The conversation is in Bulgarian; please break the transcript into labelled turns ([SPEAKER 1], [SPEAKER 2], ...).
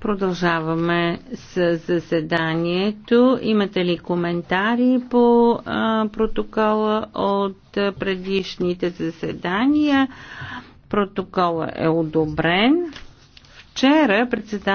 [SPEAKER 1] Продължаваме с заседанието. Имате ли коментари по а, протокола от предишните заседания? Протокола е одобрен. Вчера председател